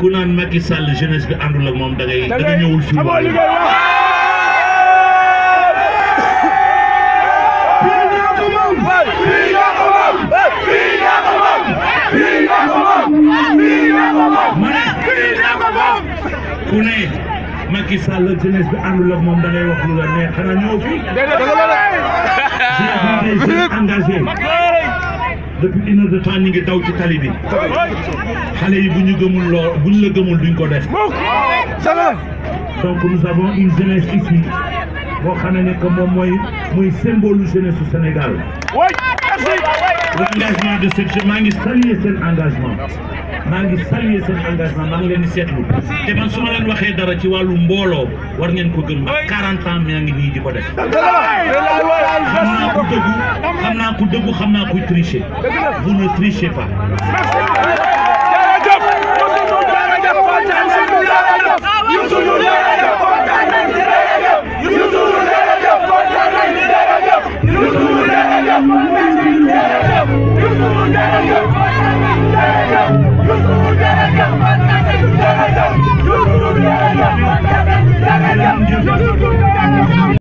كونان ماكي سال جينيس بي اندول اك موم داغي دا نيوول في وال ماكي سال جينيس بي اندول اك موم داغي واخ لو نيو في depuis une heure de temps ñu ngi daw ci tali bi yi bu gëmul lool bu la gëmul duñ ko def donc nous avons une jeunesse ici boo xam ne symbole jeunesse su Sénégal l'engagement de cette engagement maa ngi engagement maa ngi leen te man su ma leen dara ci war ngeen ko gëm 40 ans ngi di ko def naa ku dëggu xam naa kuy tricher vous ne